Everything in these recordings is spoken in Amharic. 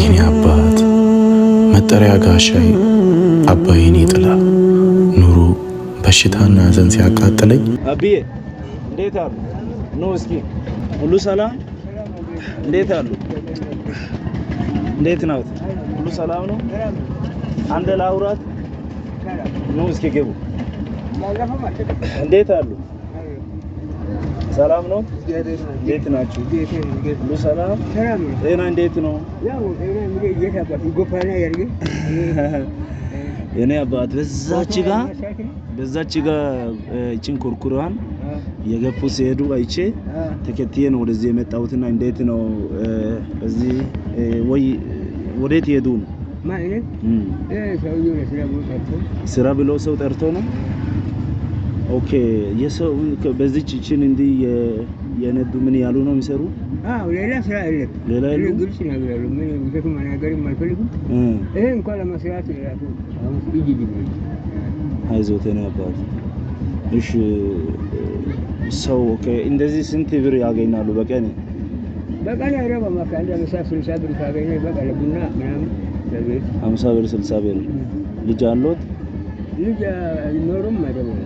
የኔ አባት መጠሪያ ጋሻይ አባ የኔ ኑሮ በሽታና ሐዘን ሲያቃጥለኝ አብዬ እንዴት አሉ ኖ እስኪ ሁሉ ሰላም እንዴት አሉ እንዴት ናት ሁሉ ሰላም ነው አንድ ላውራት ኖ እስኪ ግቡ እንዴት አሉ ሰላም ነው። እንዴት ናችሁ? ሁሉ ሰላም? ጤና እንዴት ነው? እኔ አባት በዛች ጋ በዛች ጋ እቺን ኩርኩሯን የገፉ ሲሄዱ አይቼ ተከትዬ ነው ወደዚህ የመጣሁትና እንዴት ነው በዚህ ወይ ወዴት ሄዱ ነው? ስራ ብሎ ሰው ጠርቶ ነው ኦኬ የሰው በዚህ ችችን እንዲህ የነዱ ምን ያሉ ነው የሚሰሩ? አዎ ሌላ ስራ የለም። ሌላ የለም። ግልጽ ነገር ያለው ምን ውሸት መናገርም አልፈልግም። ይሄ እንኳን ለመስራት ራሱ እጅ ልጅ አይዞህ ተና አባት። እሺ ሰው ኦኬ። እንደዚህ ስንት ብር ያገኛሉ በቀን? በቀን አይረባም። በቃ አንድ አምሳ ስልሳ ብር ካገኘ በቃ ለቡና ምናምን ለቤት አምሳ ብር ስልሳ ብር። ልጅ አለዎት? ልጅ ኖሩም አይደለም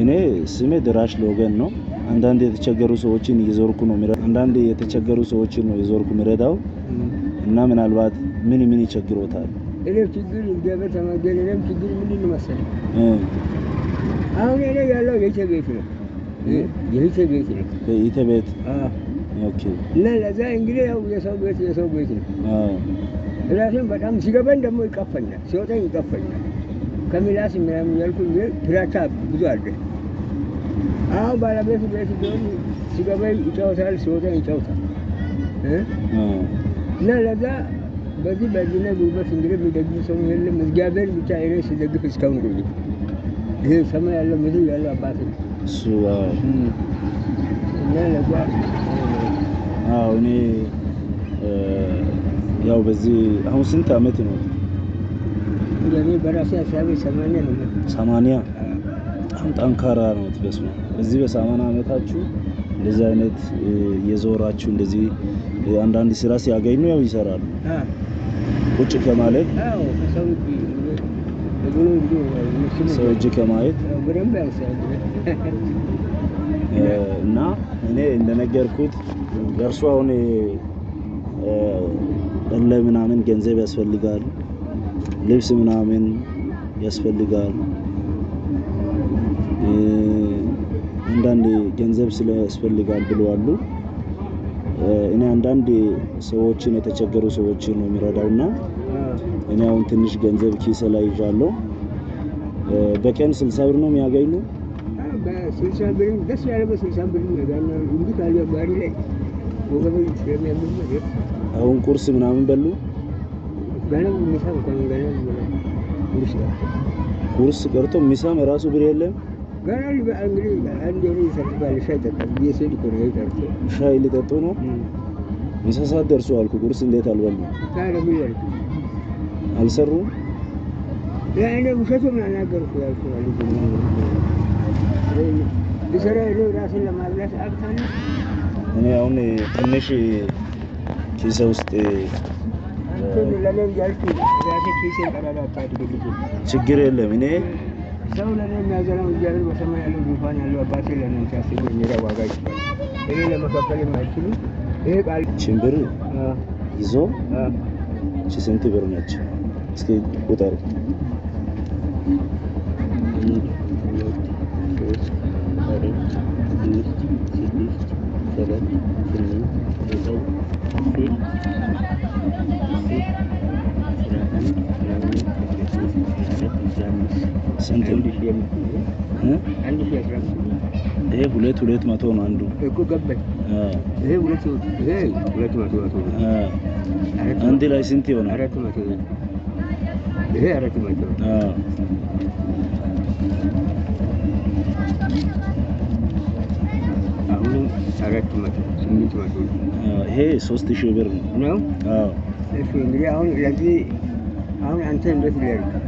እኔ ስሜ ድራሽ ለወገን ነው። አንዳንድ የተቸገሩ ሰዎችን እየዞርኩ ነው አንዳንድ የተቸገሩ ሰዎችን ነው የዞርኩ ምረዳው እና ምናልባት ምን ምን ይቸግሮታል? እኔም ችግር እግዚአብሔር ተመገን። እኔም ችግር ምንድን ነው መሰለኝ አሁን እኔ ያለው ቤት ነው የተ ቤት ነው ቤት እና ለዛ እንግዲህ ያው የሰው ቤት የሰው ቤት ነው። በጣም ሲገባኝ ደግሞ ይቀፈኛል፣ ሲወጣኝ ይቀፈኛል። ከሚላስ ምናምን እያልኩ ፍራቻ ብዙ አለ። አሁን ባለቤቱ ቤት ሲሆን ሲገባ ይጫወታል፣ ሲወጣ ይጫወታል። እና ለዛ በዚህ በዚህ ላይ ጉልበት እንግዲህ የሚደግፍ ሰው የለም። እግዚአብሔር ብቻ እኔ ሲደግፍ እስካሁን ጉል ይህ ሰማይ ያለው ምድር ያለው አባት ነው። እኔ ያው በዚህ አሁን ስንት አመት ነው ለእኔ በራሴ ሀሳቤ ሰማንያ ነው። ሰማንያ በጣም ጠንካራ ነው። በስመ እዚህ በሰማንያ ዓመታችሁ እንደዚህ አይነት የዞራችሁ እንደዚህ አንዳንድ ስራ ሲያገኙ ያው ይሰራሉ ቁጭ ከማለት ሰው እጅ ከማየት እና እኔ እንደነገርኩት ለእርሱ አሁን ለምናምን ገንዘብ ያስፈልጋል ልብስ ምናምን ያስፈልጋል። አንዳንድ ገንዘብ ስለያስፈልጋል ብለው ብለዋሉ። እኔ አንዳንድ ሰዎችን የተቸገሩ ሰዎችን ነው የሚረዳው እና እኔ አሁን ትንሽ ገንዘብ ኪሰ ላይ ይዣለሁ። በቀን ስልሳ ብር ነው የሚያገኙ አሁን ቁርስ ምናምን በሉ ገንዘብ ምሳ እንኳን ጉርስ ቀርቶ ጉርስ ራሱ ብር የለም። ገናል በእንግዲህ አንድ ሻይ ጠጣ ነው። ሚሳ ሰዓት ደርሶ አልኩ። ጉርስ እንዴት አልበሉ ታዲያ ምን አልሰሩ ያኔ ምን አናገርኩ ያልኩ እኔ አሁን ትንሽ ኪሴ ውስጥ ችግር የለም። እኔ ሰው ለኔ የሚያዘነው እግዚአብሔር በሰማይ ያለው ዙፋን ያለው አባቴ ለእኔ ሲያስብ የሚራ ዋጋ ይችላል። እኔ ለመካፈል የማይችሉ ይሄ ቃል ችንብር ይዞ ስንት ብር ናቸው? እስኪ ቁጠር ስንት ይሄ ሁለት ሁለት መቶ ነው አንዱ አንድ ላይ ስንት ይሆናል ይሄ አራት መቶ አሁንም አራት መቶ ስምንት መቶ ይሄ ሶስት ሺህ ብር ነው ነው እንግዲህ አሁን ለዚህ አሁን አንተ እንዴት ሊያደርግ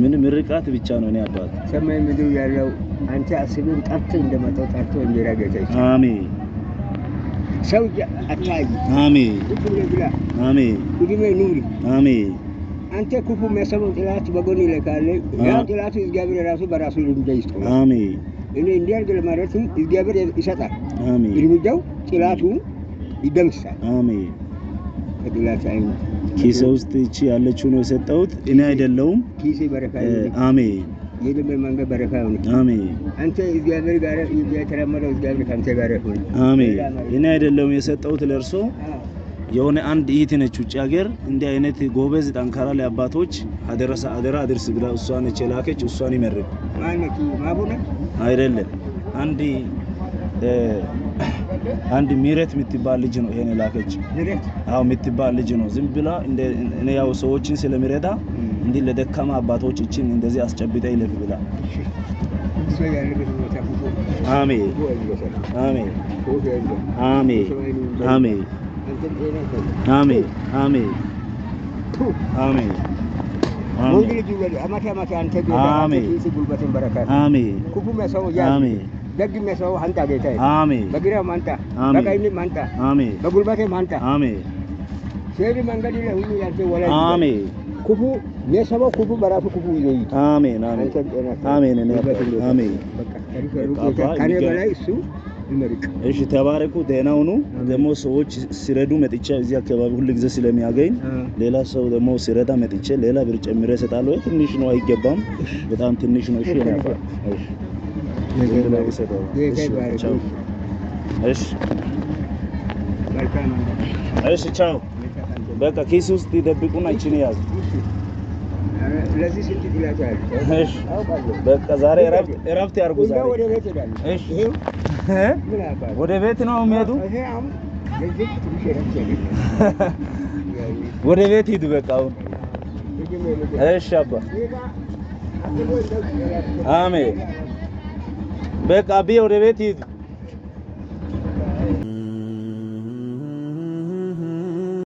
ምን ምርቃት ብቻ ነው። እኔ አባት ሰማይ ምድር ያለው አንተ አስብን ጠርቶ እንደመጣው ጠርቶ እንጀራ ገዛች። አሜን። ሰው አታይ። አሜን። አሜን። ኑሪ። አሜን። አንተ ክፉ የሚያሰበው ጥላት በጎን ይልካል። ያ ጥላቱ እግዚአብሔር ራሱ በራሱ እርምጃ ይስጠዋል። አሜን። እኔ እንዲያርግ ለማለት እግዚአብሔር ይሰጣል። አሜን። እርምጃው ጥላቱ ይደምሳል። አሜን። ኪሴ ውስጥ እቺ ያለችው ነው የሰጠሁት እኔ አይደለውም። አሜን የልምር መንገድ በረካ ይሁን። አሜን። አንተ እግዚአብሔር ጋር የተለመደው እግዚአብሔር ካንተ ጋር ይሁን። አሜን። እኔ አይደለሁም የሰጠሁት ለእርሶ የሆነ አንድ እህት ነች ውጭ ሀገር እንዲህ አይነት ጎበዝ ጠንካራ ላይ አባቶች አደረሰ አደራ አድርስ ብላ እሷ ነች የላከች። እሷን ይመርቅ አይደለም አንድ አንድ ምህረት የምትባል ልጅ ነው ይሄን የላከች። አዎ የምትባል ልጅ ነው። ዝም ብላ እኔ ያው ሰዎችን ስለሚረዳ እንዲህ ለደካማ አባቶች እችን እንደዚህ አስጨብጠ ይለፍ ብላ አሜን አሜን አሜን አሜን አሜን አሜን አሜን ወንጌል ይውለድ አማታ አማታ አንተ ጉልበትን በረከት አሜን ኩኩም ሰው ያ አሜን ደግም የሰው አንተ ጌታ አሜን። በግራም አንተ፣ በቀኝም አንተ፣ አሜን። በጉልበቴም አንተ፣ አሜን። ሴሪ መንገድ ላይ ሁሉ አሜን። ክፉ የሰበው ክፉ በራሱ ክፉ ይት አሜን፣ አሜን፣ አሜን፣ አሜን። ከኔ በላይ እሱ እሺ፣ ተባረኩ። ደህና ሁኑ። ደግሞ ሰዎች ሲረዱ መጥቼ እዚህ አካባቢ ሁሉ ጊዜ ስለሚያገኝ ሌላ ሰው ደግሞ ሲረዳ መጥቼ ሌላ ብር ጨምሬ እሰጣለሁ። ትንሽ ነው፣ አይገባም። በጣም ትንሽ ነው። እሺ፣ እሺ እሺ ቻው። በቃ ኪስ ውስጥ ይደብቁና ይችን ያዙ። በቃ ዛሬ እረፍት ያርጉ። ወደ ቤት ነው የሚሄዱ። ወደ ቤት ሂዱ። በቃ አሁን እሺ አባ አሜን። बैक अभी और वे थी